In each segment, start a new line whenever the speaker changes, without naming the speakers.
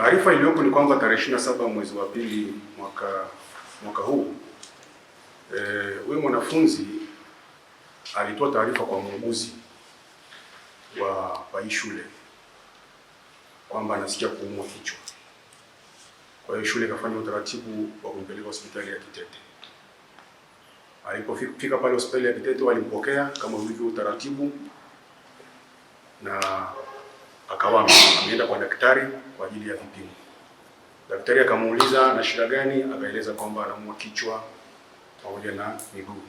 Taarifa iliyopo ni kwamba tarehe 27 mwezi wa pili mwaka mwaka huu eh, huyu e, mwanafunzi alitoa taarifa kwa muuguzi wa wa shule kwamba anasikia kuumwa kichwa. Kwa hiyo shule ikafanya utaratibu wa kumpeleka hospitali ya Kitete. Alipofika pale hospitali ya Kitete walimpokea kama ulivyo utaratibu na akawa ameenda kwa daktari kwa ajili ya vipimo. Daktari akamuuliza na shida gani, akaeleza kwamba anaumwa kichwa pamoja na miguu.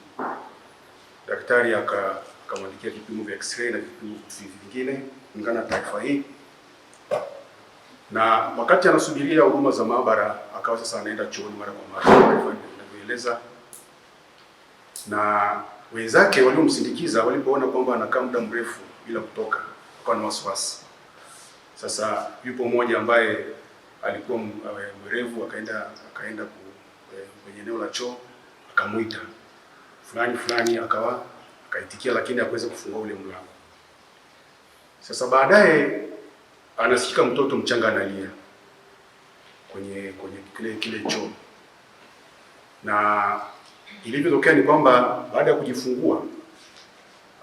Daktari akamwandikia aka vipimo vya x-ray na vipimo vingine kulingana na taarifa hii, na wakati anasubiria huduma za maabara akawa sasa anaenda chooni mara kwa mara anavyoeleza, na wenzake waliomsindikiza walipoona kwamba anakaa muda mrefu bila kutoka, akawa na wasiwasi sasa yupo mmoja ambaye alikuwa mwerevu akaenda akaenda e, kwenye eneo la choo akamwita fulani fulani, akawa akaitikia, lakini hakuweza kufungua ule mlango. Sasa baadaye anasikika mtoto mchanga analia kwenye kwenye kile kile choo, na ilivyotokea ni kwamba baada ya kujifungua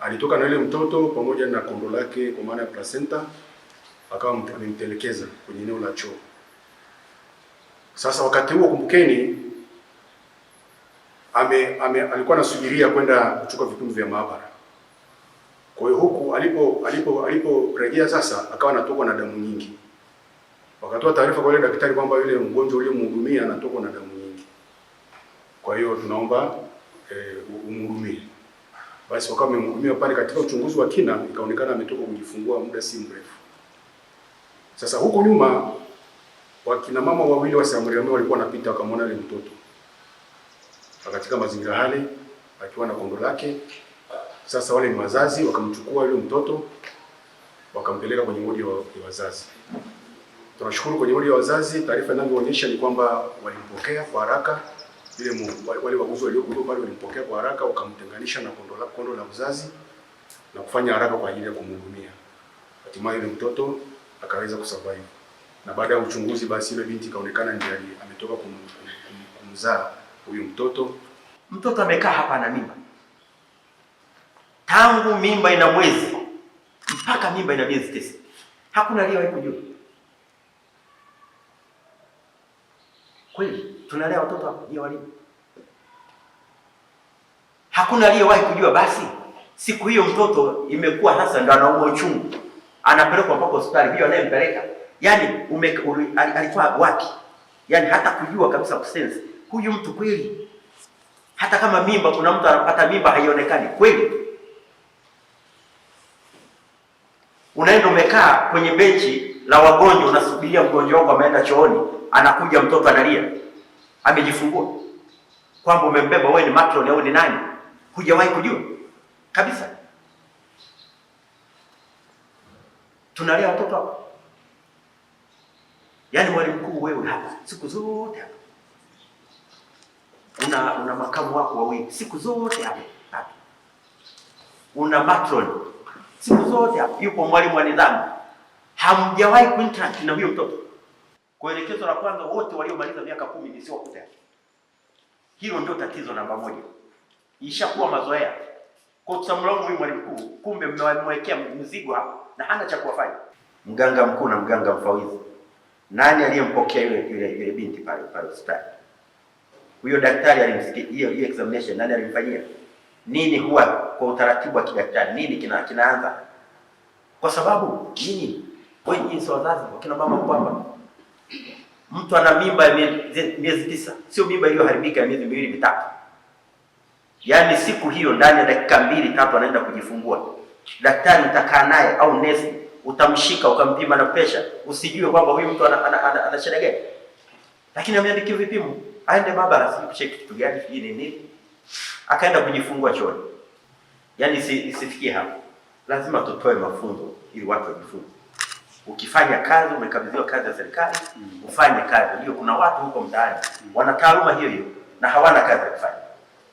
alitoka na ile mtoto pamoja na kondo lake, kwa maana ya placenta akawa amenitelekeza kwenye eneo la choo. Sasa wakati huo kumbukeni, ame, ame, alikuwa anasubiria kwenda kuchukua vipimo vya maabara. Kwa hiyo huku alipo alipo aliporejea sasa, akawa anatokwa na damu nyingi. Wakatoa taarifa kwa yule daktari kwamba yule mgonjwa yule mhudumia anatokwa na damu nyingi, kwa hiyo tunaomba eh, umhudumie. Basi wakawa wamemhudumia pale. Katika uchunguzi wa kina, ikaonekana ametoka kujifungua muda si mrefu. Sasa huko nyuma wakina mama wawili wa Samariamea walikuwa wanapita wakamwona yule mtoto katika mazingira hali akiwa na kondo lake. Sasa wale ni wazazi, wakamchukua yule mtoto wakampeleka kwenye wodi ya wazazi. Tunashukuru kwenye wodi ya wazazi, taarifa inavyoonyesha ni kwamba walimpokea kwa haraka ile, wale waguzi waliokuwa pale walimpokea kwa haraka, wakamtenganisha na kondo la kondo la uzazi na kufanya haraka kwa ajili ya kumhudumia. Hatimaye yule mtoto akaweza kusurvive, na baada ya uchunguzi basi ile binti ikaonekana ndiye ametoka kumzaa huyu mtoto.
Mtoto amekaa hapa na mimba tangu mimba ina mwezi mpaka mimba ina miezi tisa, hakuna aliyewahi kujua. Kweli tunalea watoto hapa, je, walimu? Hakuna aliyewahi kujua. Basi siku hiyo mtoto imekuwa hasa ndo anauma uchungu anapelekwa mpaka hospitali, huyo anayempeleka yani alitoa wapi? yani hata kujua kabisa kusense huyu mtu kweli, hata kama mimba, kuna mtu anapata mimba haionekani kweli. Unaenda umekaa kwenye benchi la wagonjwa, unasubiria mgonjwa wako ameenda chooni, anakuja mtoto analia, amejifungua, kwamba umembeba wewe ni matroni au ni nani, hujawahi kujua kabisa. tunalea watoto hapa. Yaani mwalimu mkuu wewe hapa siku zote hapa. Una, una makamu wako wawili siku zote hapa. Una matron siku zote hapa, yupo mwalimu wa nidhamu. Hamjawahi kuinteract na huyo mtoto. Kuelekezo la kwanza, wote waliomaliza miaka kumi ni sio kuta. Hilo ndio tatizo namba moja, ishakuwa mazoea. Kwa sababu huyu mwalimu mkuu kumbe mmemwekea mzigo hapa na hana cha kuwafanya. Mganga mkuu na mganga mfawidhi, nani aliyempokea yule yule yule binti pale pale hospitali? Huyo daktari alimsikia hiyo hiyo examination, nani alimfanyia nini? Huwa kwa utaratibu wa kidaktari nini kina kinaanza, kwa sababu nini? Wengi wazazi kina mama kwamba mtu ana mimba ya miezi tisa, sio mimba iliyoharibika ya miezi miwili mitatu yaani siku hiyo ndani ya dakika mbili tatu anaenda kujifungua. Daktari utakaa naye au nesi utamshika ukampima na pesha, usijue kwamba huyu mtu ana, ana, ana, shida gani, lakini ameandikiwa vipimo, aende maabara, kucheki kitu gani, hii ni nini, akaenda kujifungua chooni. Yaani isifikie hapo, lazima tutoe mafunzo ili watu wajifunze. Ukifanya kazi, umekabidhiwa kazi ya serikali, mm. ufanye kazi hiyo. Kuna watu huko mtaani wana taaluma hiyo hiyo na hawana kazi ya kufanya